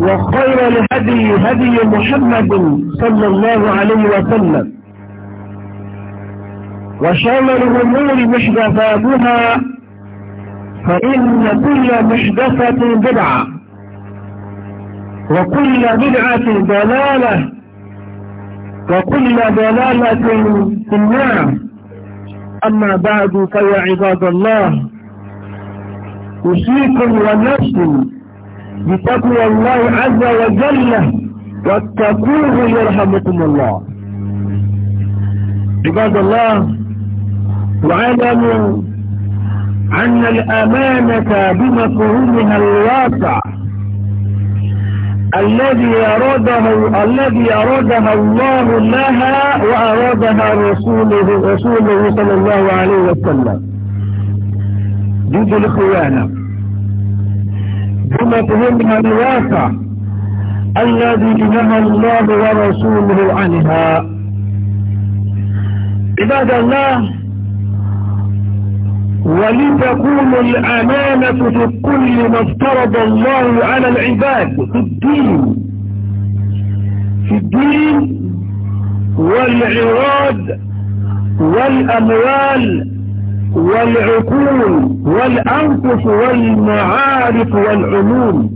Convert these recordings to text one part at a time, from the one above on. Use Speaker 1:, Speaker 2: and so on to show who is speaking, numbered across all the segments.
Speaker 1: وخير الهدي هدي محمد صلى الله عليه وسلم وشامل الأمور محدثاتها فإن كل محدثة بدعة وكل بدعة ضلالة وكل ضلالة في النار أما بعد فيا عباد الله أوصيكم ونفسي بتقوى الله عز وجل واتقوه يرحمكم الله عباد الله واعلموا أن الأمانة بمفهومها الواقع الذي أراده الذي أرادها الله لها وأرادها رسوله رسوله صلى الله عليه وسلم ضد الخيانة تهمها الواقع الذي نهى الله ورسوله عنها عباد الله ولتكون الأمانة في كل ما افترض الله على العباد في الدين في الدين والعراض والأموال والعقول والأنفس والمعارف والعلوم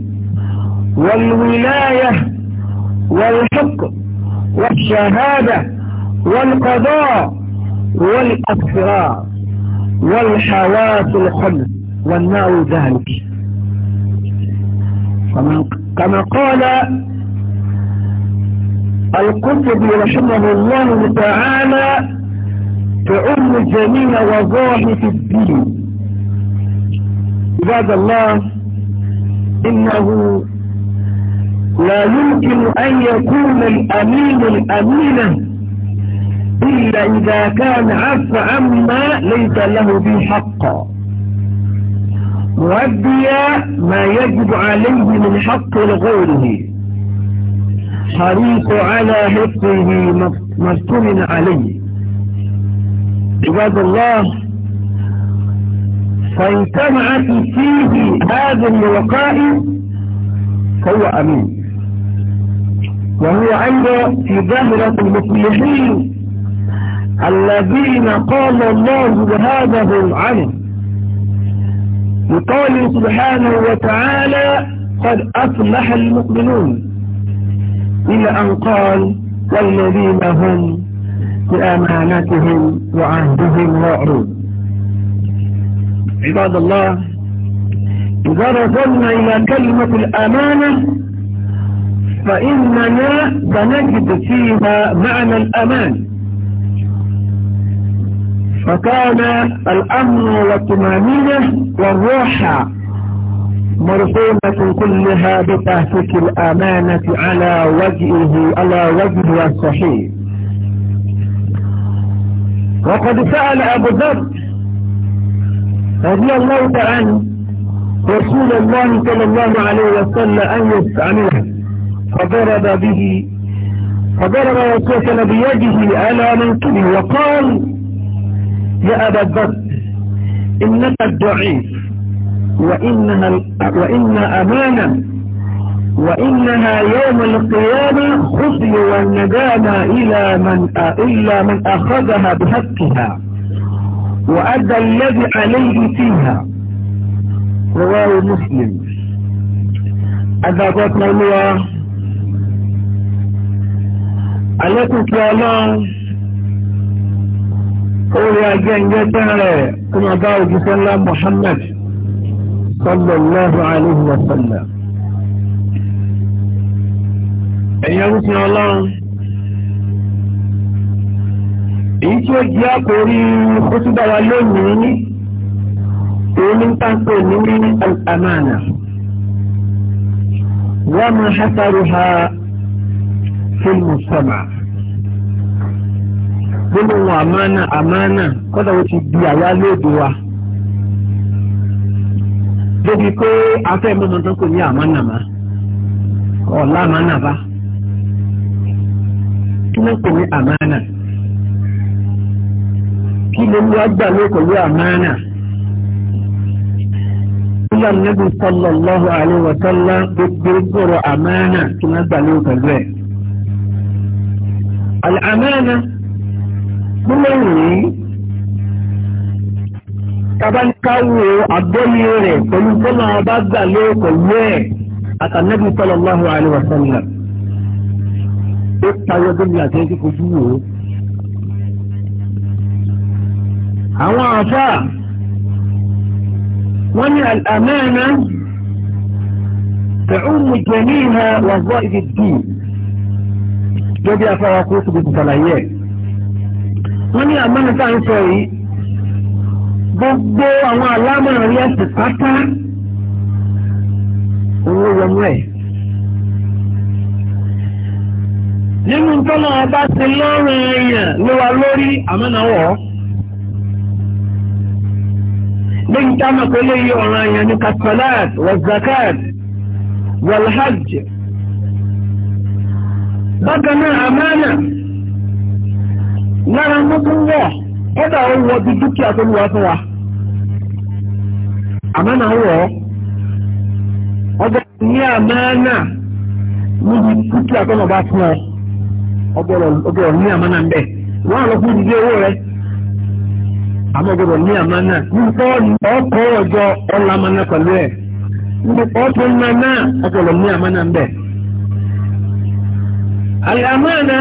Speaker 1: والولاية والحق والشهادة والقضاء والأسرار والحواس الخمس والنار ذلك كما قال القطب رحمه الله تعالى في يعلم جميع وظائف الدين عباد الله إنه لا يمكن أن يكون الأمين الأمينة إلا إذا كان عف عما ليس له به حق مؤديا ما يجب عليه من حق لغيره حريص على حقه ما عليه عباد الله فانتمعت فيه هذا الوقائع فهو أمين وهو عند في ظهرة المسلمين الذين قال الله بهذا عنه يقال سبحانه وتعالى قد أفلح المؤمنون إلى أن قال والذين هم بأماناتهم وعهدهم وعروض عباد الله إذا رجلنا إلى كلمة الأمانة فإننا سنجد فيها معنى الأمان فكان الأمن والطمأنينة والروحة مرسومة كلها بتهتك الأمانة على وجهه على وجهها الصحيح وقد سأل أبو ذر رضي الله تعالى رسول الله صلى الله عليه وسلم أن يستعمله فضرب به فضرب وسوسن بيده على منكبه وقال يا أبا الضر إنك الضعيف وإنها وإن أمانة وإنها يوم القيامة خطي والندامة إلى من إلا من أخذها بحقها وأدى الذي عليه فيها رواه مسلم قلت الله عليكم يا الله قول يا جنجة كما قال جسال محمد صلى الله عليه وسلم ẹ̀yin arúgbó ọlọ́run èyí tí ó jẹ́ àkórí kótóbá wa lónìí òun ní pàǹpẹ́ ní àmàna wọ́n máa ṣàtàrò ha fílmù sọ́mà nínú àmàna àmàna kọ́dà ó ti di àwa lóde wa débi pé afẹ́ mọ́tò kò ní àmàna ma ọ̀la àmàna bá tí wọ́n pè ní àmánà kí ló ń wá gbà ló pẹ̀lú àmánà. Nígbà níbi sallallahu alaihi wa sallam gbogbo sọ̀rọ̀ àmánà tí wọ́n gbà ló pẹ̀lú ẹ̀. Àmánà gbọ́dọ̀ yìí tabankawo àgbọ́yé rẹ̀ pẹ̀lú sọ́nà ọba gbà ló pẹ̀lú ẹ̀ àtànẹ́bí sallallahu alaihi wa sallam ó tayọ bí mi àti ẹni tí kojú wò ó. àwọn àfa wọ́n ní àmẹ́ẹ̀nà tẹ̀húnmù jẹ̀mí ìhà wàgbọ́ ibi dì lórí afárá kó tóbi ti sàlàyé ẹ̀. wọ́n ní àmẹ́ẹ̀nà tá à ń sọ yìí gbogbo àwọn alámọ̀ràn yẹn sì pátá owó wọnú ẹ̀. nínú tọ́lọ́ ọba ti lọ́rùn èèyàn ló wa lórí àmọ́nàwọ̀ tá a mọ̀ pé léyìí ọ̀ràn èèyàn ní kasalat wazakat walhajj bákan náà àmánà lára mọ́tún wọ̀ kọ́dà ó wọ bí dúkìá tó fún wa ní níbi dúkìá tó ọgbọ̀rọ̀ ní àmánà ń bẹ̀ wọ́n lọ fún ìdílé owó rẹ̀ àmọ́ ọgbọ̀rọ̀ ní àmánà nípa ọkọ̀ ọjọ́ ọlámánà pẹ̀lú ẹ̀ nípa ọkọ̀ ìmánà ọgbọ̀rọ̀ ní àmánà ń bẹ̀. àlàmánà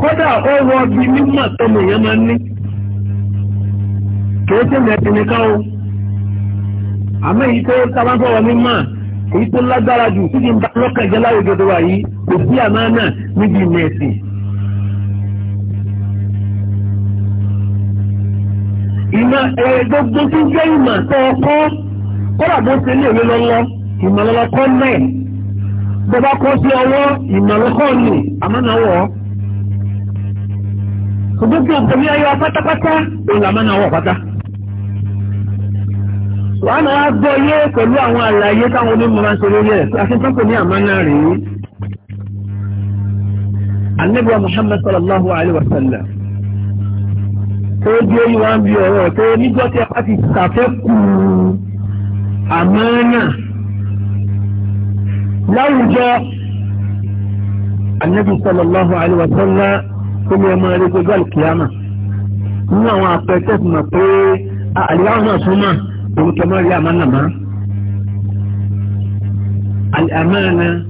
Speaker 1: kódà ọwọ́ bí mímọ̀ tọmọ èèyàn máa ń ní kìí ṣe mẹ́tì nìkan o àmọ́ èyí tó sábà ń fọwọ́ mímọ̀ èyí tó lágbára jù sí ti ń ba lọ́kàn jẹ́ láwùjọ tó yìí kò amana àmánà níbi mẹ́sìn. ìmọ̀ eh, gbogbo tí jẹ́ ìmọ̀ tó kọ́lá bó ṣe léèwé lọ́lọ́ ìmọ̀ lọ́lọ́kọ́ náà bọ́bá kọ́ sí ọwọ́ ìmọ̀ lọ́kọ́ nù àmánáwọ̀ gbogbo òkèmí ayọ̀ pátápátá òun làmánáwọ̀ pátá. wàá máa gbọ́ yé pẹ̀lú àwọn àlàyé táwọn onímọ̀ máa النبي محمد صلى الله عليه وسلم تودي أي وان بيو تودي نبوة تحتي ستفق أمانة لا جاء النبي صلى الله عليه وسلم كل يوم عليك جاء القيامة هنا وعطيتك ما تقول اليوم سمع ومتمر يا منا ما الأمانة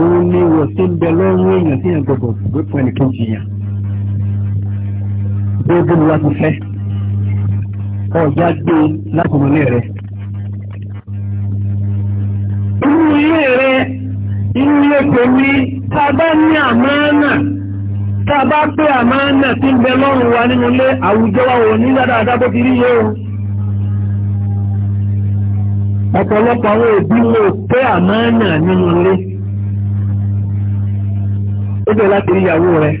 Speaker 1: òun ni wọ̀ tí ń bẹ lọ́rùn èèyàn tí yàn gbọ́dọ̀ gbé fún ẹnìkejì yàn gbogbo ni wá ti fẹ́ ọjà gbé lákòmọ́lé rẹ̀ inú ilé rẹ̀ inú ilé tèmi tá a bá ní àmánà tá a bá pé àmánà tí ń bẹ lọ́rùn wa nínú ilé àwùjọ wa ò ní dáadáa bó ti rí yé o ọ̀pọ̀lọpọ̀ àwọn òbí wọn ò pé àmánà nínú ilé. ó bẹ̀rẹ̀ láti rí ìyàwó rẹ̀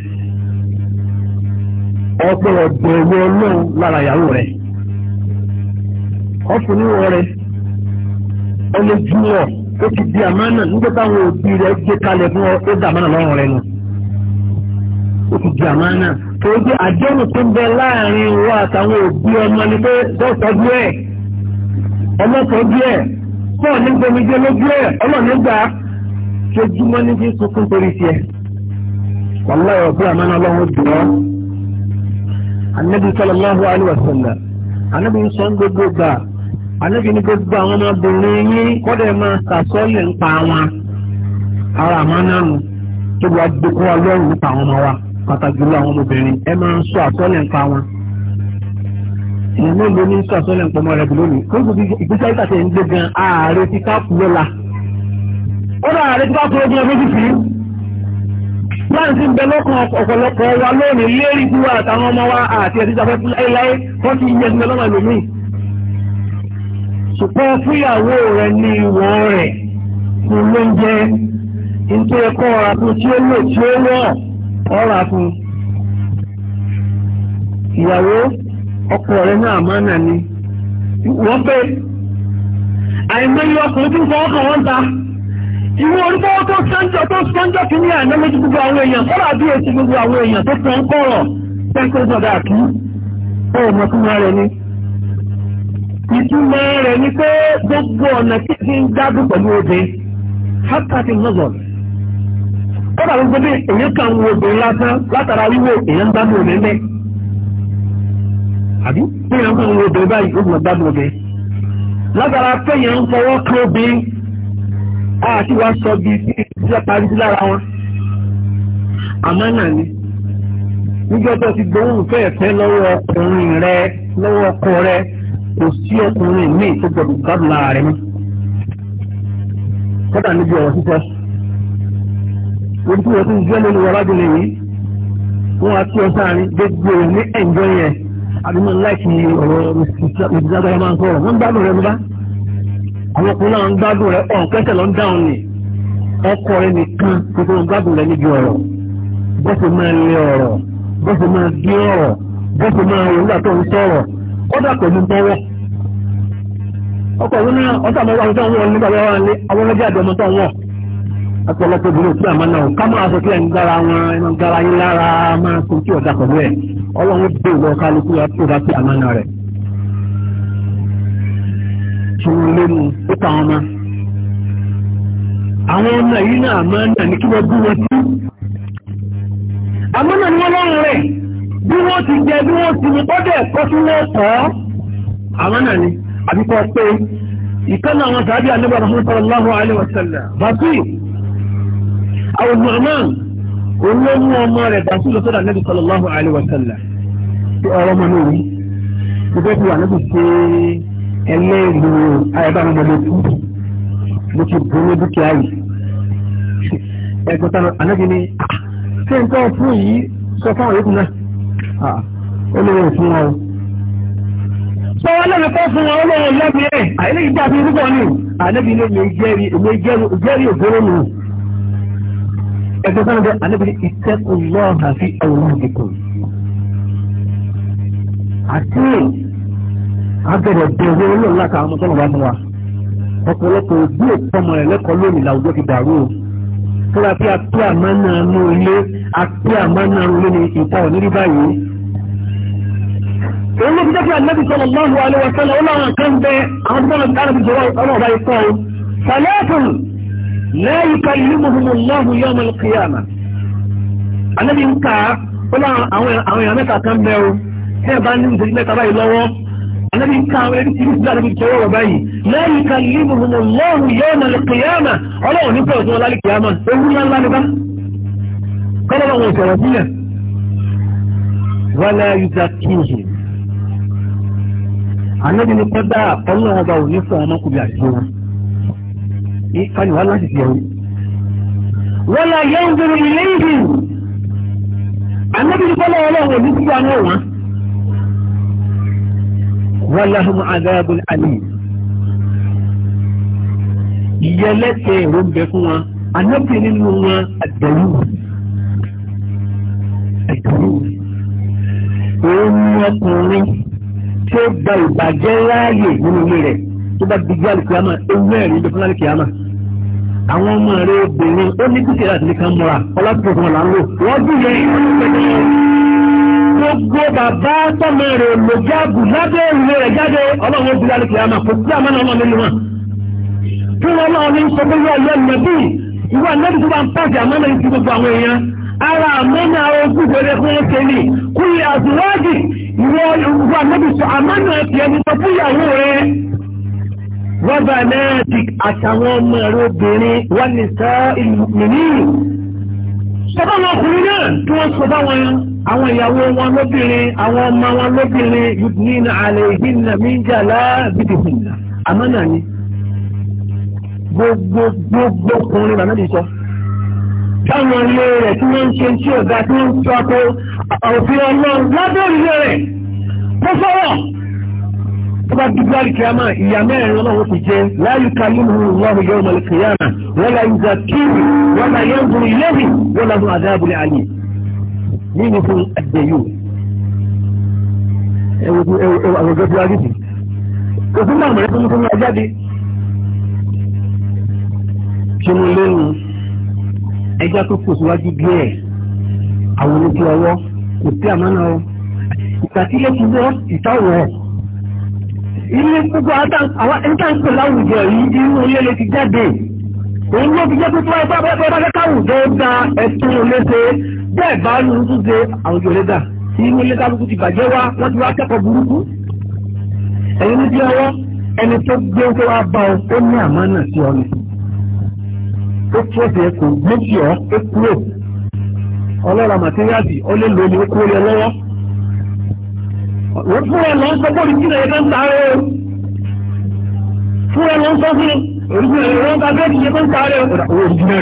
Speaker 1: ọgbọ́n ọ̀bọ̀ ọlọ́run lára ìyàwó rẹ̀ ọ ó dà àmánà lọ́rùn rẹ̀ nù ó ti di àmánà torí pé àdéhùn tó ń bẹ láàrin wa àtàwọn òbí ọmọ ni pé bọ́ọ̀tọ́jú ẹ̀ ẹ̀ lójú ẹ̀ wàláyé ọ̀pẹ àmánà ọlọ́run dùn ọ́ anabi sallallahu alayhi wa sallam anabi ń sọ ń gbogbo gbà anabi ní gbogbo àwọn ọmọbìnrin yín kọ́dẹ̀ máa sàsọ́ọ̀lẹ̀ ń pa wọn ara àmánà nù tó wàá gbogbo ọlọ́run ń pa àwọn ọmọ wa pàtàkì jùlọ àwọn ọmọbìnrin ẹ máa ń sọ àsọ́ọ̀lẹ̀ ń pa wọn ìmọ̀ ló ní sọ̀sọ́lẹ̀ ń pọmọ rẹ̀ lónìí kó gbogbo ìgbésẹ̀ ìtàkùn ń gbé gan ààrẹ ti ká lọ́la ó dà ààrẹ ti ká kú lọ́gbọ́n méjì sí i láti ń bẹ lọ́kàn ọ̀pọ̀lọpọ̀ wa lónìí lérí tiwa àtàwọn ọmọ wa àti ẹ̀sìn ìjàfẹ́ fún láéláé wọ́n ti yẹ ẹ̀sìn lọ́wọ́ ẹlòmíì. ṣùgbọ́n fúyàwó rẹ̀ ní ìwọ̀ rẹ̀ fún lóúnjẹ nítorí ẹ̀kọ́ ọ̀rà fún tí ó lò tí ó wọ̀ ọ̀rà fún. ìyàwó ọkọ rẹ̀ náà máa nà ní. wọ́n pé àìmọye ọkùnrin tí ń fọwọ́ kàn wọ́n ta. Ìwọ orúkọ tó sánjọ tó sánjọ kí ní àná lójú gbogbo àwọn èèyàn sọ́rọ̀ àbí èsì gbogbo àwọn èèyàn tó fẹ́ ń kọ̀rọ̀ pẹ́ńkó sọ̀dà kí ó mọ̀ fún wọn rẹ̀ Ìtumọ̀ rẹ̀ ni pé gbogbo ọ̀nà tí kí ń dádùn pẹ̀lú obè hákàtí lọ́gọ̀. Kọ́dà gbogbo bí èyí kan wo obìnrin lásán látara wíwò èèyàn Àbí bí èèyàn àti wá sọ bí ìjọ parí lára wọn àmánà ni níjọ́ tó ti gbóhùn fẹ́ẹ̀fẹ́ lọ́wọ́ ọkùnrin rẹ lọ́wọ́ ọkọ rẹ kò sí ọkùnrin míì tó gbọdọ̀ gbádùn lára rẹ mọ́ kọ́dà níbi ọ̀rọ̀ sísọ orúkú ọtún ìjọ lónìí wọ́n rábìnrin yìí wọ́n á tí ọ sáárín gbogbo ní ẹ̀ǹjọ́ yẹn àbí mo ń láìkí ọ̀rọ̀ ìdíjágbára máa ń sọ̀rọ̀ wọ́n ń gbádùn rẹ mọ́ bá. àwọn ọkùnrin náà ń gbádùn rẹ ọ̀n kẹ́sẹ̀ ló ń dáhùn ni ọkọ rẹ nìkan gbogbo ń gbádùn rẹ níbi ọ̀rọ̀ bọ́sẹ̀ máa lé ọ̀rọ̀ bọ́sẹ̀ máa gé ọ̀rọ̀ bọ́sẹ̀ máa wò nígbà tó ń sọ̀rọ̀ kọ́dà pẹ̀lú bọ́wọ́ ọkọ̀ náà ọ̀sán àwọn nígbà wọ́n ń táwọn ọmọ àwọn ọmọ yìí náà máa ń nà ní kí wọ́n bú wọn sí àmọ́ náà ni wọ́n lọ́rùn rẹ̀ bí wọ́n ti jẹ bí wọ́n ti ní kọ́dẹ̀ ẹ̀kọ́ tí wọ́n kọ́ àmọ́ náà ni àbíkọ́ pé ìkànnì àwọn sàábì ànábà rahman sallallahu alayhi wa sallam bàtú àwọn mọ̀ọ́mọ́ òun ọmọ rẹ̀ bàtú lọ sọ́dọ̀ sallallahu alayhi wa sallam ọ̀rọ̀ mọ̀ náà wí mo fẹ́ wà níbi ṣe é ẹlẹ́ẹ̀lú ayébánigbọ̀lẹ̀ fún mo ti bọ́ ní dúkìá yìí ẹ̀gbọ́n tánà anábì ni ah, ṣé nǹkan fún yìí sọ fún àwọn yòókù náà ah, ó lè wọ̀ fún wọn o. sọ wọn lẹ́nu kọ́ fún wọn ó lè àìlè yìí dàbí irúgbọ́ ni anábì ni èmi jẹ́rìí èmi jẹ́rìí ògbóró mi. ẹ̀gbọ́n tánà bẹ́ẹ̀ anábì ni ìtẹ́kùn lọ́ọ̀ àfi ẹ̀wọ̀n ìdìbò. àti agbẹ̀rẹ̀ bẹ̀rẹ̀ olóòlù láka àwọn tọ́nà bá mú wa ọ̀pọ̀lọpọ̀ òbí òpọmọ rẹ̀ lẹ́kọ̀ọ́ lónìí làwùjọ ti dàrú o fúra bí apí àmánà nù ilé apí àmánà nù ilé ni ìta ò nírí báyìí. èyí ló fi jẹ́ kí ànábì sọ̀rọ̀ lọ́hùn alẹ́ wọ̀ sọ́lá ọlọ́run kan bẹ àwọn tó bá dára bìjọ ọlọ́ọ̀bá yìí kọ́ ànábì ká àwọn ẹni tí ó sílá ànábì tọwọ́ wà báyìí lẹ́yìn kan líbù mọ̀ lọ́rùn yóò nà lè kìyàmà ọlọ́run nípa ọ̀tún wọn lálẹ́ kìyàmà ewu ńlá ńlá ni bá kọ́lọ́ wọn sọ̀rọ̀ sílẹ̀ wàlá yúta kíhìn ànábì ní kọ́dá ọlọ́run ọba òní fún ọmọkùnrin àti ewu ìkànnì wà láti fi ẹ̀wù wàlá yẹ́ńdùrú ilé ìhìn ànábì ní kọ́lọ́ ọlọ́run òní fún ọmọ wọn walahum adhabun alim ìyẹlẹ́tẹ̀ èrò ń bẹ fún wọn anábì nínú wọn àdẹ̀yù àdẹ̀yù òun ọkùnrin tí ó gba ìbàjẹ́ láàyè nínú ilé rẹ̀ tó bá digbí alìkìyàmà ewu ẹ̀rí ìjọba alìkìyàmà àwọn ọmọ rẹ̀ obìnrin ó ní dúkìá àti nìkan mọ́ra ọlọ́pàá fún ọ̀làńlò wọ́n bí yẹn ìwọ́n ní pẹ̀lú gbogbo bàbá tọ́mọ rẹ̀ lòjáàbù lábẹ́ ìwé rẹ̀ jáde ọlọ́run ó bilálẹ̀ kìlámà kò sí àmọ́ ọlọ́run nínú wọn. kí wọ́n lọ́wọ́ ní sọ pé yóò lọ nàbí ìwà nàbí tó bá ń pàṣẹ àmọ́ náà ti gbogbo àwọn èèyàn. ara àmọ́ náà ogún fèrè fún ẹsẹ̀ ni kúlẹ̀ àzùwájì ìwà nàbí sọ àmọ́ náà tiẹ̀ ní sọ fún ìyàwó rẹ̀. rọ́bà náà di àtàwọn ọmọ rẹ̀ obìnrin wọ́n ní sọ ìlú mìíràn. sọ àwọn ìyàwó wọn lóbìnrin àwọn ọmọ wọn lóbìnrin yudnina alayhinna min jalabibihinna àmánà ni gbogbo gbogbo ọkùnrin bàbá mi sọ táwọn ilé rẹ̀ tí wọ́n ń ṣe tí ọ̀gá tí wọ́n ń sọ pé òfin ọlọ́run lábẹ́ òrìlé rẹ̀ tó sọ̀rọ̀ tó bá dúdú àlìkìyàmà ìyá mẹ́rin ọlọ́run ti jẹ láyé kalí mu lọ́rùn yẹ́wọ̀n wọ́n la ìzà nínú fún ẹgbẹ́ yìí ẹwọ àwọn ọjọ́ tí wá dìbò kò sí náà mọ̀lẹ́kùn ní fún ọjọ́ dé kí mo léwu ẹjọ́ tó kò síwájú bí ẹ̀ àwọn oníṣẹ́ ọwọ́ kò sí àmọ́nà ọ ìtàkìlẹ̀ ti wọ́ ìtàwọ̀ ilé gbogbo àwọn ẹ̀ńtàǹpẹ̀ láwùjọ yìí inú ilé lè ti jáde òun ló fi jẹ́ pé tí wọ́n bá bá bá káwùjọ da ẹ̀sùn léṣe bẹ́ẹ̀ bá ń lùdú de àwùjọ lẹ́dà tí inú lẹ́dàlùkù ti bàjẹ́ wá wọ́n ti wá kẹ́kọ̀ọ́ burúkú ẹ̀yin ní bí ọwọ́ ẹni tó gbé tó wá bá ọ ó ní àmánà sí ọ ni ó tú ọ̀sẹ̀ kò méjì ọ́ ó kúrò ọlọ́ra màtíríàsì ó lè lò ní okú rẹ lọ́wọ́ wọ́n fún ẹ lọ sọ bọ́ọ̀lù tí ìrẹ̀yẹ bá ń sáré o fún ẹ lọ sọ fún oríṣiríṣi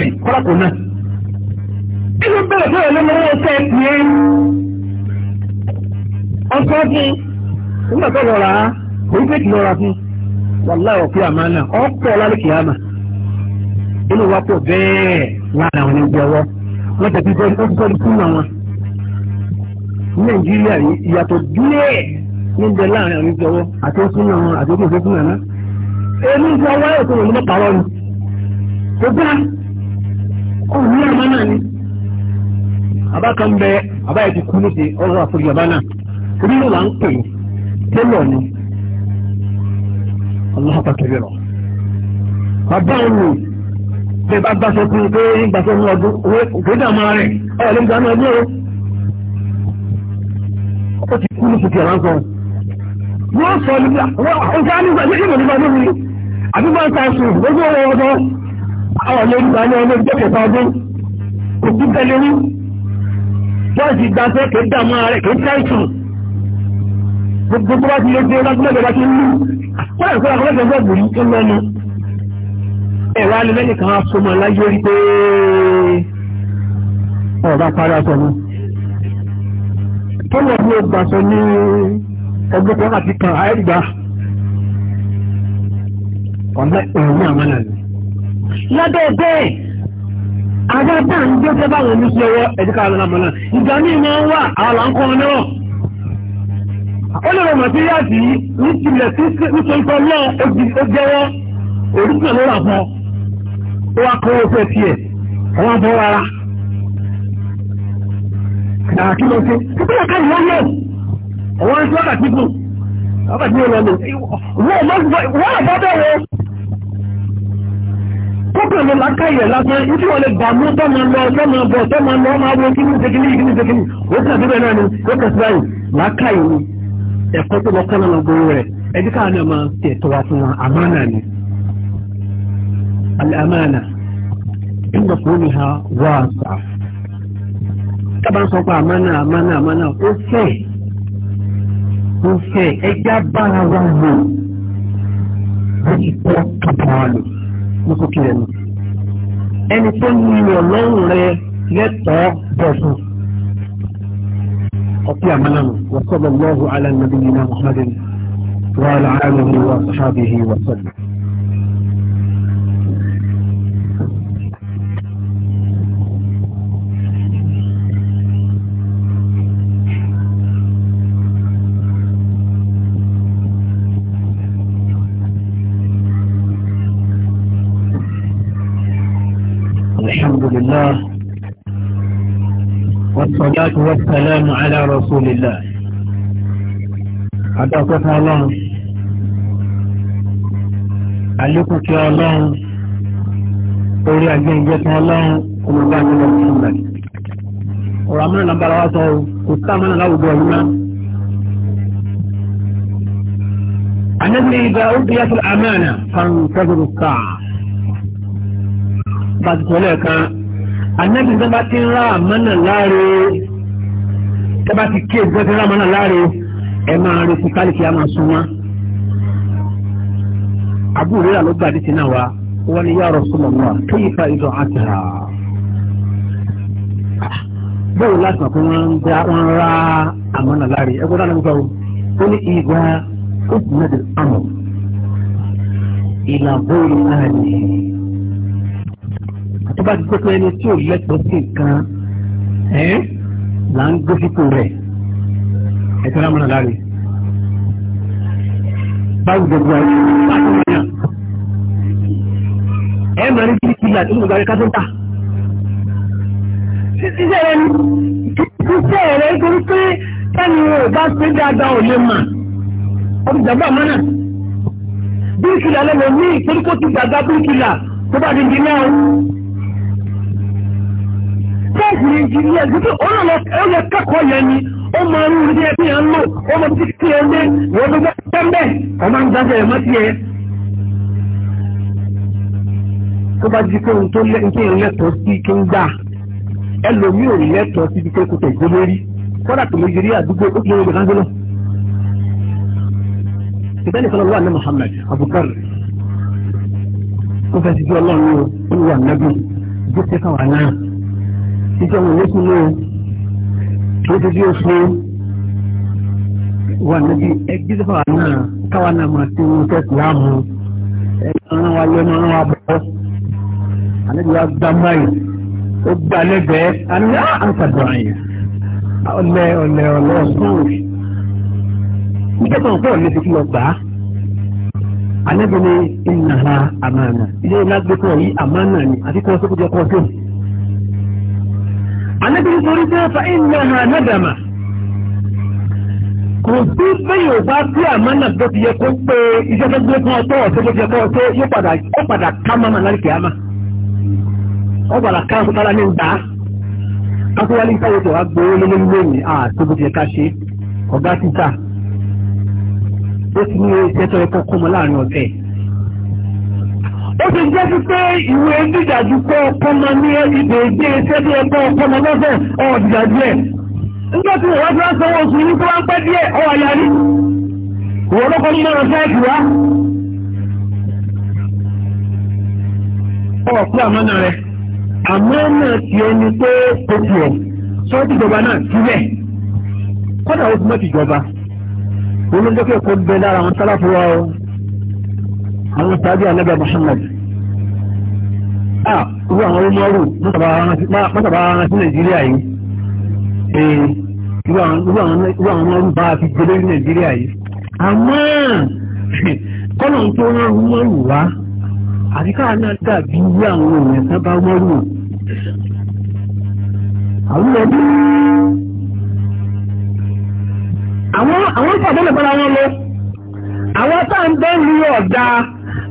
Speaker 1: ìrẹ̀yẹ kí ló bẹ̀rẹ̀ ló mọ́wọ́ ṣe pé ọkọ̀ fún nígbà tó lọ rà á òun fèkì fún wàlá ọ̀pẹ àmàna ọ̀pọ̀ lálẹ́kì àmà inú wa pọ̀ bẹ́ẹ̀ lára àwọn ẹgbẹ́ ọwọ́ wọ́n tẹ̀ fi bọ́ọ̀lù ó bọ́ọ̀lù fún àwọn nàìjíríà ìyàtọ̀ díẹ̀ níbẹ̀ láàrin àwọn ẹgbẹ́ àti ó àwọn àti ó fún fún àná èmi ń fi ọwọ́ ẹ̀ tó wọ̀ ní mọ́ta wọ́ọ̀lù ọ̀hún ní àmàna ni bàbá kan bẹ bàbá yẹn ti kú ní ti ọ̀rọ̀ àforí bàbá náà onílù là ń pè é tẹ́lọ̀ ni ọlọ́wọ́ pàtẹ́lẹ̀ rọ. bàbá òun ni bẹ́ẹ̀ bá gbàṣẹ fún un pé gbàṣẹ fún ọdún òkèèdà máa rẹ̀ ọ̀ lè gbà náà lóo. ó ti kú ní ti ti ọ̀rọ̀ sọ. wọ́n sọ níbi ọ̀sẹ̀ ànígbà ní ìmọ̀ nígbà lórí àdúgbò ń ta sùn lójú ọ̀rọ̀ ọ̀sọ̀ àwọn ọ̀lẹ́gbà ní ọ̀lẹ́gbẹ̀kẹ̀ta ọdún òkú tẹ́lẹ̀ rí bọ́ọ̀sì gbafẹ́ kò dààmú ààrẹ kò sáìsùn gbogbo bá ti lé dé lágbẹ́gbẹ́ bá ti lú wọ́n yẹ kó lọ́kọ́ lọ́kọ́ lọ́kọ́ gbòòrí tó lọ́nu ẹ̀rọ alẹ́lẹ́yìn kan asomọ láyé rí pé ọ̀rọ̀ parí aṣọ mi tó lọ́ọ́ bí o gbà sọ ní ọgbẹ́ kan àti kan àẹ́gbà ọ̀nà ẹ̀rọ ní àmàlà ni lábẹ́ bẹ́ẹ̀ ajá tá à ń gbé sẹ́bà wọn ní sọ́wọ́ ẹ̀díkà alámọ̀ náà ìgbà míì máa ń wà àwọn àǹkọ́ náà ó lè rọ màtíríàtì yìí ní tilẹ̀ nítorí pé náà ó jẹ́wọ́ oríṣi ló rà fún ọ wá kọ́ owó fẹ́ tiẹ̀ wọ́n bọ́ rárá kí ló ṣe títí ẹ̀ka ìwọ́n náà ọ̀wọ́n ń tí wákàtí kù wákàtí yóò lọ lò wọ́n àbábẹ́wọ̀ pẹ̀lú lákàyè lásán ibi wọn lè bà mú tọ́mọ lọ tọ́mọ bọ̀ tọ́mọ lọ máa wo kíní ìsekíní ìkíní ìsekíní ó kà síbẹ̀ náà ni ó kà síbẹ̀ yìí lákàyè ni ẹ̀kọ́ tó lọ kọ́nà lọ gbowó rẹ̀ ẹbí káà náà máa tẹ̀tọ́ wa fún wa àmánà ni àmánà ìgbà fún mi ha wá àṣà tábà ń sọ pé àmánà àmánà àmánà ó fẹ́ ó fẹ́ ẹjá bára wa lò ó ti tọ́ kápá wa lò lókòkè rẹ̀ nù. ẹni tó ní ilẹ̀ lọ́rùn rẹ̀ lẹ́tọ̀ọ́ bọ̀sùn. ọ̀pẹ́ àmàlànà wàsọ̀lọ̀ lọ́hùn alẹ́ nàbí yìí náà muhammed wàhálà àlùmí wà sàbẹ̀hì wàsọ̀lọ̀. والسلام على رسول الله أتقفى الله عليكم يا الله قولي أجنجك يا الله قم الله من محمد ورامنا نبراته قطامنا نعود وهنا أنني إذا أوضيت الأمانة فانتظر الساعة بعد ذلك النبي زباتين لا من الله tẹ́bá ti kí èdè tẹ́lá mọ́nà láre ẹ máa retí kálíkì á máa sún wá. Abu Huraira ló gbàdí sí náà wá wọ́n ní ya Rasulullah kayfa ìdọ̀ àtàrà. bẹ́ẹ̀ láti mọ̀ pé wọ́n ń ra àmọ́nà láre ẹgbẹ́ náà ló ń gbà wọ́n ó ní ìgbà ó sì mẹ́tẹ̀ àmọ̀ ìlàbọ̀ ìlànà tó bá ti pẹ́ pẹ́ ẹni tí ò lẹ́tọ̀ọ́ sí nǹkan là ń gbé sípò rẹ̀ ẹ̀tọ́ lámọ̀nà láre báwo gbogbo ayé bá tó yàn ẹ máa ní bíbí kìlà tó ń gbàgbé káfíńtà sísẹ́ rẹ ní sísẹ́ rẹ nítorí pé sẹ́ni ò bá ṣe dáadáa ò lè mà ọ̀dùjàgbà mọ́nà bíbí kìlà lẹ́nu ní ìpínlẹ̀ gbàgbá bíbí kìlà tó bá di di náà nàìjíríà gbogbo ọ̀rọ̀ ọ̀yẹ kẹ́kọ̀ọ́ yẹn ni ó máa ń rí ẹbí yẹn lò ó máa ti fi ẹni wọ́n gbogbo tẹ́lẹ̀ ọ máa ń dájọ́ ẹ̀ mọ́tì ẹ̀. tó bá di pé ohun tó lẹ́ nké lẹ́tọ̀ọ́ sí kí ń gbà ẹlòmíì ò lẹ́tọ̀ọ́ sí pé kò tẹ̀ gbé lórí kọ́dà tó nàìjíríà dúgbò ó ó fẹ́ ti di ọlọ́run ó títí àwọn olókùn náà tó ti bí oṣù wà níbi ẹgbẹ́ tó wà náà káwa náà máa ti wọn fẹ́ kí á mú ẹran wa lẹ́nu ọ̀rọ̀ wa bọ̀ àlejò wa gbá máyì ó gbá lẹ́gbẹ̀ẹ́ àlejò á ah, sàdùn àyè ọ̀lẹ́ ọ̀lẹ́ ọ̀lẹ́ ọ̀sán nígbà tó ń pọ̀ ní ti fi lọ gbà á alẹ́bí ni ìnàlá àmàna ilé ìlágbé yìí àmàna ni àti kí jẹ́ kọ́ ànábì nítorí pé fa ìnáha nádàmà kò sí bẹ́yìn òbá sí àmánà tó ti yẹ kó pé iṣẹ́ tó gbé kan ọtọ́ ọ̀tọ́ tó ti yẹ kó ọtọ́ yóò padà ó padà ká mọ́mọ́ ó padà ká ní gbé owó lórí lónìí bó ti yẹ ká ṣe ọ̀gá títà ó ti ní tó yẹ kó mọ́ láàrin ọ̀sẹ̀ yìí. ó ti jẹ́ sí pé ìwé dídàjú pé ọpọlọ ní ibè gbé iṣẹ́ ẹgbẹ́ ọpọlọ lọ́sẹ̀ ọ̀rọ̀ dídàjú nígbà tí wọ́n ti wá sanwó oṣù yìí tó wá ń pẹ́ díẹ̀ ọwọ́ wọ́n lọ́kọ́ ní wá. àmọ́nà rẹ̀ àmọ́nà ti ẹni pé ó ti ẹ̀ náà sílẹ̀ kọ́dà ó ti mọ́ àwọn sáájú ànábẹ́ Muhammad ah irú àwọn Umaru mọ́tàbá ara sí Nàìjíríà yìí irú àwọn Umaru bá a fi gbé lórí Nàìjíríà yìí àmọ́ kọ́nà tó rán Umaru wá àríkà náà dàbí irú àwọn èèyàn sábà Umaru àwọn ọdún àwọn àwọn ìpàdé lè bára wọn lọ àwọn tá à ń bẹ́ẹ̀ ní ọ̀dà.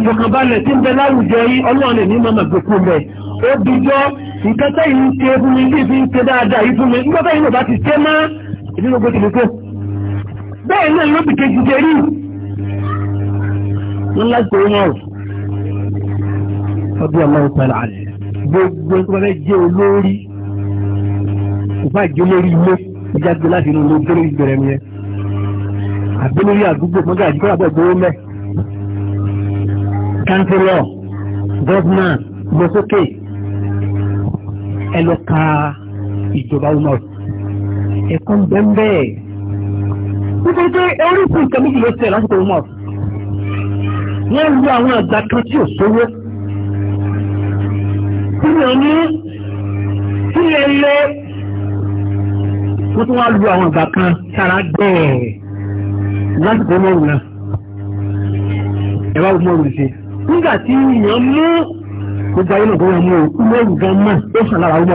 Speaker 1: ìfọ̀kànbalẹ̀ tí ń bẹ láwùjọ yìí ọlọ́run ní mọ́mọ́ gbogbo mẹ́ ó dijọ́ ìkẹta yìí ń ṣe fún mi bí fi ń ṣe dáadáa yìí fún mi nígbà báyìí ló bá ti ṣe mọ́ ìdílé ogun ti kó bẹ́ẹ̀ náà ló bì kejì jẹ rí wọn láti wọn o ọdún ọmọ ìpàlẹ̀ àlẹ́ gbogbo tó bá jẹ́ olórí ìfá ìjọ lórí ilé ìjáde láti inú ilé ìjọ lórí ìbẹ̀rẹ̀ mi yẹn àbí lórí àdúgbò mọ́gàdì kọ́ kánsílọ̀ gọ́vnà gbọ́sókè ẹ lọ ka ìjọba ọmọ ẹ̀kọ́ ń bẹ́ẹ̀ bẹ́ẹ̀ nítorí pé oríṣìí nǹkan méjì ló ṣẹlẹ̀ lásìkò ọmọ wọ́n lu àwọn àgbà kan tí ò sówó tí wọ́n ní tí lè lé wọ́n tún wá lu àwọn àgbà kan sára bẹ́ẹ̀ lásìkò ọmọ òun náà ẹ wá wọ́n mọ̀ òun ṣe. nígbà tí èèyàn mú gbogbo ayé lọ́gbọ́n wọn mú o ilé gan mọ́ ó sàn lára ọmọ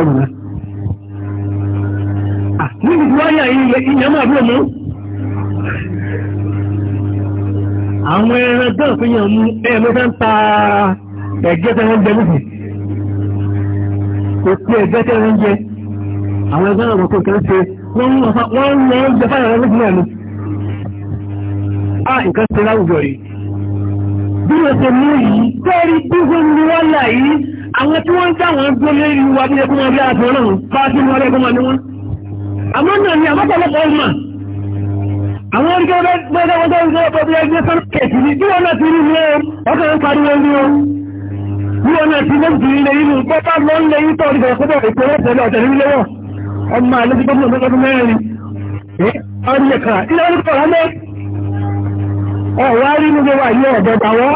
Speaker 1: òun níbi tí wọ́n yà yín ìyẹn máa bí òun àwọn ẹran dán fún yàn mú ẹ̀yàn ló fẹ́ ń ta ẹ̀gẹ́ tẹ́ wọ́n jẹ níbi kò sí ẹ̀gẹ́ tẹ́ wọ́n jẹ àwọn ẹgbẹ́ ṣe wọ́n ń jẹ fáyà náà ni. a nǹkan láwùjọ yìí bí o ṣe mú yìí tẹ́rí bí wọ́n ní wọ́n là yìí àwọn tí wọ́n ń dá wọn gbé lórí wa bí ẹkún wọn bí aṣọ náà bá sí wọn lẹ́gbọ́n wọn ni wọ́n. àmọ́ náà ni àmọ́pọ̀lọpọ̀ ọmọ àwọn oríkẹ́ bẹ́ẹ̀ wọ́n tó ń gbé ọkọ̀ bí ẹgbẹ́ sọ́kẹ̀tì ni bí wọ́n náà ti rí ní o ọkọ̀ ń pariwo ní o bí wọ́n náà ti lóògùn ilé inú pọ́pá lọ́n lé yìí tọ́ ìgbà ìkọ́bọ̀ ìpẹ́rẹ́ tẹ̀lé ọ̀tẹ̀ ní ilé wọ̀ ọmọ àlejò gómìnà mẹ́tọ́dún mẹ́rin ọdún yẹ̀kan ilé ọdún kọ̀ọ̀lá mẹ́rin ẹ wá rí ní gbogbo àyè ọ̀dọ́ dáwọ́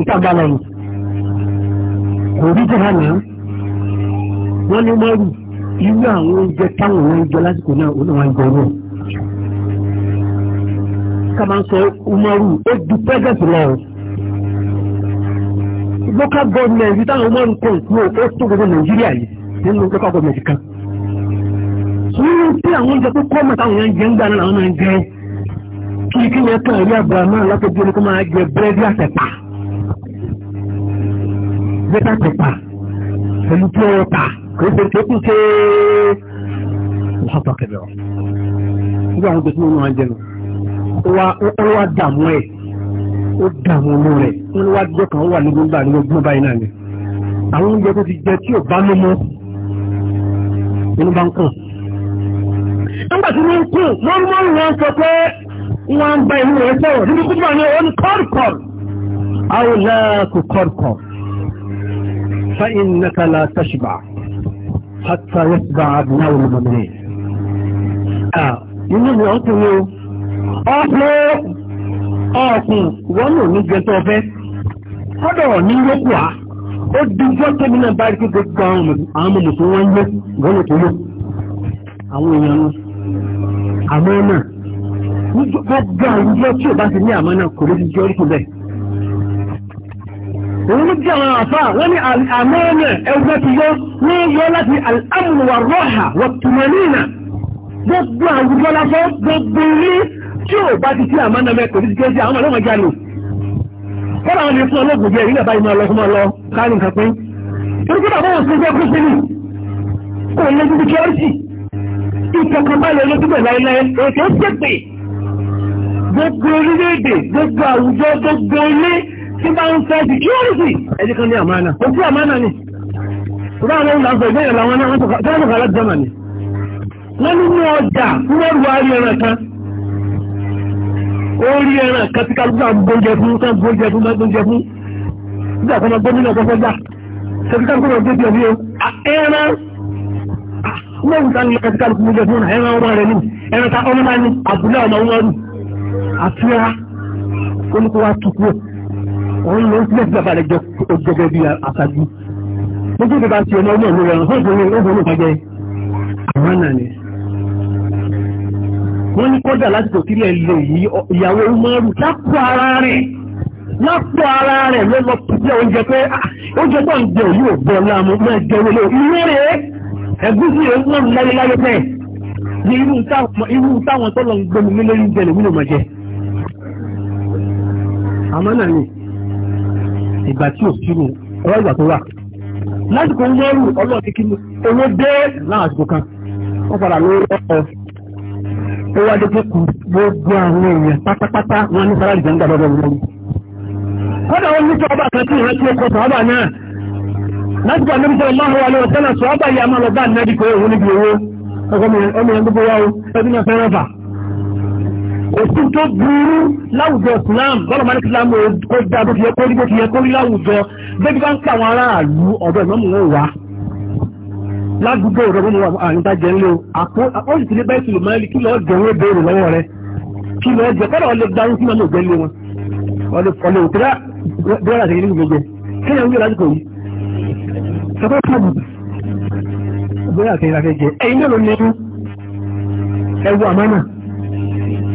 Speaker 1: ìtàgbà lẹ́yìn kò rí jẹ́ hàn yẹn wọ́n ní mọ́rù irú àwọn oúnjẹ táwọn wọn jẹ lásìkò náà ó náà wá jẹ náà ká sọ umaru ó du pẹ́gẹ́sì lọ local government táwọn umaru kọ̀ ní ó tó gbogbo nàìjíríà yìí nínú local government kan. sùúrù tí àwọn oúnjẹ tó kọ́ mọ̀ táwọn yẹn jẹ ń gbà náà làwọn náà ń jẹ kí kí wọ́n kàn rí àgbà náà látọ̀jú ẹni kó máa jẹ búrẹ́dì àtẹ̀pà bẹ́tà tẹ̀pà pẹ̀lú tí ọ̀rọ̀ ta kò ṣe tó kù ṣe ọ̀sọ̀tọ̀ kẹ̀lẹ̀ ọ̀ nígbà wọn gbèsè wọn jẹnu ó wá dààmú ẹ̀ ó dààmú ọmọ rẹ̀ wọn wá jọ kàn wà níbi nígbà níbi ọgbọ́n báyìí náà ni àwọn oúnjẹ tó ti jẹ tí ò bá mímú inú bá ń kùn nígbà tí wọ́n ń kùn mọ́rùmọ́rù wọn sọ pé wọ́n ń bá ìlú rẹ̀ sọ̀rọ̀ nínú kúrò ní òun kọ́rkọ̀r àwòláàkù kọ́rkọ̀r fa innaka la tashba hatta yasba abnáwò lọ́mọdé inú mi ọ̀tún ni ọ̀pọ̀ ọ̀kùn wọ́n mú ní jẹ́ tó fẹ́ ní yókù á ó dújọ́ tóbi náà bá kí gbogbo àwọn ọmọ wọ́n yé wọ́n lè tó yó àwọn èèyàn àmọ́ náà gbogbo àwùjọ tí o bá ti ní àmọ́ náà kò lè ti jẹ́ orísun bẹ́ẹ̀. òun ló jẹ́ àwọn àfa wọ́n ní àmọ́ náà ẹgbẹ́ ti yọ ní yọ láti al-amn wa raha wa tumanina gbogbo àwùjọ lásán gbogbo ilé tí o bá ti ti àmọ́ náà mẹ́kò lè ti jẹ́ àwọn ọlọ́mọ ìjà lò. kọ́lá wọn lè fún ọlọ́gùn jẹ́ ìrìnà báyìí máa lọ fún ọ lọ káàlù nǹkan pín. torí kí bàbá wọn ṣe jẹ́ kúrúsìlì kò lè ti ti kí ọ́rìsì ìkọ̀kọ̀ báyìí lè lójúbẹ̀ láéláé ètò ó ṣègbè gbogbo orílẹ̀-èdè gbogbo àwùjọ gbogbo ilé tí bá ń fẹ́ di kíọ́rìsì ẹni kan ní àmàna òkú àmàna ni ọba àwọn olùdásọ ìgbẹ́yẹ̀ làwọn náà tí wọ́n kọ̀ láti germany wọ́n ní ní ọjà fúnmọ́rù wárí ẹran kan ó rí ẹran kan tí kálukú àwọn gbóúnjẹ fún kan gbóúnjẹ fún gbóúnjẹ fún nígbà tó ma gómìnà tó fẹ́ gbà kẹfí kálukú náà gbóúnjẹ fún ẹran wọ́n wù sáà ní kẹfí kálukú gbóúnjẹ fún ẹran ọmọ rẹ̀ ní ẹran ta ọmọ náà ní àbúlé ọmọ wọn rù àtúrà olùkọ́wà tukú òun ló ń sílẹ̀ sí bàbá rẹ̀ bí àṣàjú gbogbo ìjọba ọmọ ọmọ ìlú rẹ̀ ọ̀hún ìfowópamọ́ ìfọ̀jẹ́ wọ́n ní láti ẹ̀ lè yí ìyàwó lápò ara rẹ̀ lápò ara rẹ̀ ló lọ oúnjẹ pé ah, oúnjẹ jẹ ò bọ̀ láàmú máa jẹ olè wọ́n àmánà ni ìgbà tí ò sí mu ọwọ́ ìgbà tó wà lásìkò ń wọ́rù ọlọ́ọ̀ ti kíni owó dé láwọn àsìkò kan wọ́n padà ló lọ́pọ̀ ó wá dé kókù gbogbo àwọn èèyàn pátápátá wọn ní sára ìjà ń gbà lọ́dọ̀ wọn. wọn ní sọ ọba kan tí ìrántí ẹ̀kọ́ sọ ọba náà lásìkò ànábì sọ ọlọ́run wa sọ ọba kò sí tó burú láwùjọ Islam bọ́lọ̀mọ́ ní Islam kó dá bó ti yẹ kó rí bó ti yẹ kó rí láwùjọ bébí bá ń pa àwọn aráàlú ọ̀dọ̀ ìmọ̀mù wọn wá ládùúgbò ọ̀dọ̀ ìmọ̀mù wọn àrùn tájẹ ńlẹ̀ àpò àpọ́jù tilé bẹ́ẹ̀ tìlù mọ́lẹ́ kí lọ́ọ́ jẹun ìbéèrè lọ́wọ́ rẹ kí lọ́ọ́ jẹ kọ́dọ̀ ọ̀lẹ́ darú sí mọ́mù òjẹ́ ńlẹ̀ wọn ọ̀lẹ́ òkúta bí wọ́n rà sí ilé ìgbẹ́jẹ kéèyàn ń gbé lásìkò yìí sọ́kọ́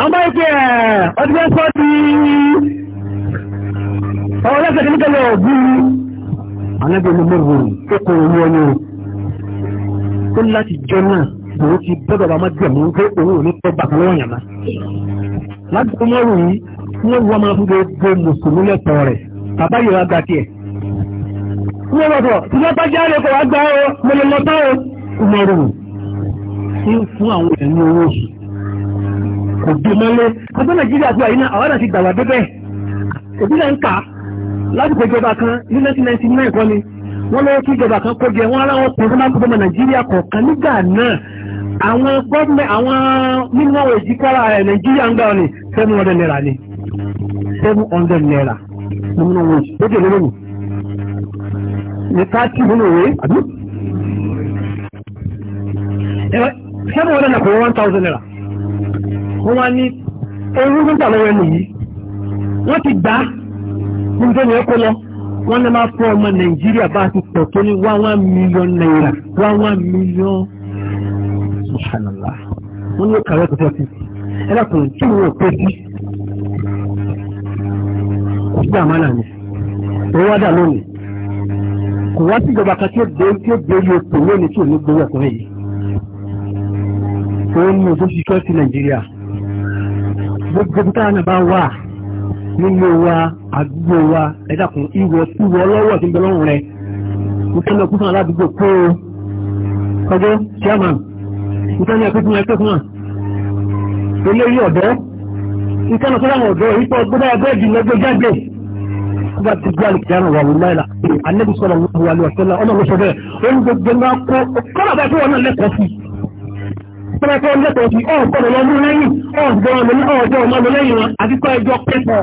Speaker 1: àwọn báyìí pé ọdún bẹ́ẹ̀ sọ́ di ọ̀rọ̀ lẹ́sẹ̀ kìíní kẹlẹ̀ ọ̀gbìn alẹ́gbẹ̀ẹ́ mi mọ̀rọ̀ ó kọ owó ọ̀nà ó láti jọ náà òun ti bẹ́ bàbá má dẹ̀ mú pé òun ò ní tọ́ bàbá wọn yàn má. lágbègbè mọ́rù yìí wọ́n wọ́n máa fún gbogbo mùsùlùmí lẹ́tọ̀ọ́ rẹ̀ bàbá yìí wá gba tiẹ̀. wọ́n bọ̀ bọ̀ tí wọ́n bá jáde kò wá gbá o mo lè lọ bá o. ó mọ̀rù ń fún àwọn èèyàn ní owó oṣù kò dé mọ́lé ọjọ́ nàìjíríà tó wà yìí náà àwọn àti dàgbà débẹ̀ òbí náà ń kà lásìkò ìjọba kan ní 1999 kọ́ ni wọ́n lọ́wọ́ kí ìjọba kan kó jẹ wọ́n ara wọn pẹ̀lú máa ń pẹ̀lú nàìjíríà kọ̀ọ̀kan nígbà náà àwọn gọ́ọ̀mẹ̀ àwọn mímọ́ òjì kára rẹ̀ nàìjíríà ń gbà ọ ni seven hundred naira ni seven hundred naira mímọ́ òjì lójú ìlú lónìí ní thirty nínú òwe àbí seven hundred naira kò one thousand naira wọ́n wá ní owó nígbà lọ́wọ́ nìyí wọ́n ti gbà níbi ní ẹ̀kọ́ lọ wọ́n lè máa fún ọmọ nàìjíríà bá ti pọ̀ tó ní wá wá mílíọ̀n náírà wá wá mílíọ̀n subhanallah wọ́n ní ó kàwé kò fẹ́ sí ẹ dákun tí wọn ò pẹ́ sí kò sí àmàlà ni owó wá dà lónìí kò wá sí ìjọba kan tí ó gbé tí ó gbé yìí òkú lónìí tí ò ní gbowó ọkùnrin yìí òun ni òjò ṣiṣẹ́ sí nàìjíríà gbogbo táwọn náà bá wà nílé wa àdúgbò wa ẹ dákun ìwọ ìwọ ọlọ́wọ́ tí ń bẹ lọ́rùn rẹ mo fẹ́ lọ kú fún aládùúgbò kó o kọjọ́ chairman mo fẹ́ ní ẹ̀kọ́ fún ẹ̀kọ́ fún wa eléyìí ọ̀dọ́ ìkànnì fún àwọn ọ̀dọ́ yìí pọ̀ gbọ́dọ̀ ẹgbẹ́ ìdìlẹ́gbẹ́ jáde bá ti gbé alìkìyàmù wà wà lọ sọlọ ọlọ́run sọ bẹ́ẹ̀ ó ní gbogbo ńlá kó pẹ́pẹ́ lẹ́tọ̀ sí ọ̀pọ̀lọ̀ lọ́mú lẹ́yìn ọ̀dọ́ ọmọdé lẹ́yìn wọn àdíkọ́ ẹjọ́ pẹ́pọ̀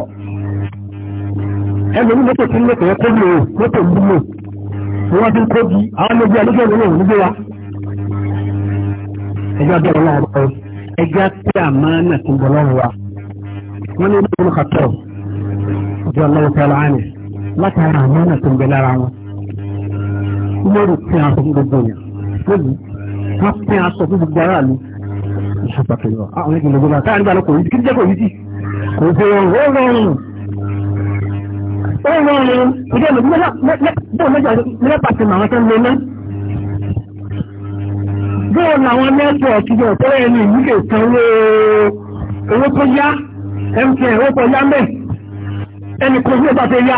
Speaker 1: ẹgbẹ̀rún mọ́tò tí mọ́tò ẹ̀kọ́ bí o mọ́tò ń búlò wọ́n ti kó bí àwọn ọmọdé alẹ́jọ́ ìlú òun nígbé wa ẹjọ́ bẹ̀rẹ̀ lọ́wọ́ ọ ẹjọ́ tí a máa nà tí bọ̀ lọ́wọ́ wa wọ́n ní ìlú kàtọ́ ìjọ lọ́wọ́ wọ́n pín aṣọ fún gbogbo aráàlú ìṣèpàtàkì wa àwọn ẹgbẹ̀rún gbogbo àtàrí nígbà lọ́kọ̀ yìí kí jẹ́ kò yìí sí kò fẹ́ rọrùn ó rọrùn ó rọrùn ìjọ ìlú bó mẹ́jọ mẹ́fà ti màwọn tó lé náà bóò làwọn nẹ́tíwọ̀kì jẹ́ òtẹ́rẹ́ ẹni ìlú lè san owó tó yá MTN owó tó yá mẹ́ ẹni kò sí ìbáfẹ́ yá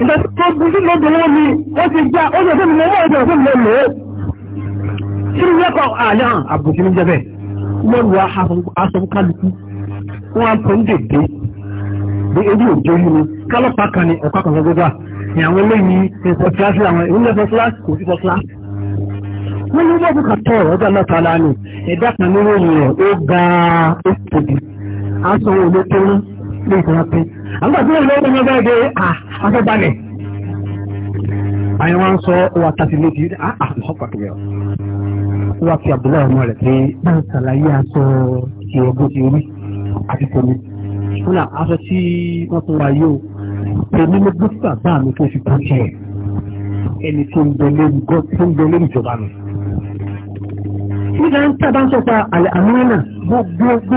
Speaker 1: ìgbà tó burú lóde wọn ni ó ti gbá ó yẹ fún mi lọ́wọ́ ìjọba fún mi lọ́wọ́ irú wẹ́kọ̀ àlẹ́ hàn àbùkù ní jẹ́bẹ̀ wọ́n wọ asọ̀kálukú wọ́n á pọ̀ ń dèdè bí ebi òjò yìí ni kan ọ̀pá kan gbogbo ní àwọn eléyìí kíláàsì àwọn kíláàsì kò sí kíláàsì. wọ́n ní wọ́n tọ̀ ẹ̀dá kan ó ga aṣọ tó pé àyẹ̀wò à ń sọ wà tàbí méjì wá fi abdullahi ọmọ rẹ̀ pé náà ṣàlàyé aṣọ ti ọgbọ́n ti rí àti tèmi wọn náà aṣọ tí wọ́n fún wa yóò tèmi ló gbé fún bàbá mi tó fi kú jẹ ẹni tó ń bẹ lórí gọ́ tó ń bẹ lórí ìjọba mi. nígbà ń tábà ń sọpa àlẹ́ àmúlẹ́nà gbogbo gbogbo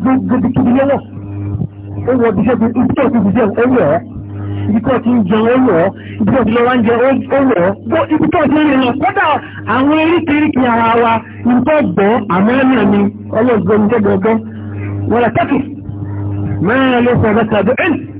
Speaker 1: gbogbo gbogbo kíbi lọ́wọ́ ó wọ ibiṣẹ́ bíi ibiṣẹ́ bíi ibiṣẹ́ ó wọ̀ ọ́ ibi tó ti ń jẹun ó wọ̀ ibi tó ti lọ wá ń jẹ ó wọ̀ bó ibi tó ti ń rìn lọ kódà àwọn eríkèéríkè ara wa ibi tó gbọ́ àmọ́ ẹ̀mí mi ọlọ́gbọ́n mi tẹ́gbẹ̀ẹ́gbọ́ wọ́n lọ tẹ́kì mẹ́rin ló sọ̀rọ̀ sọ̀rọ̀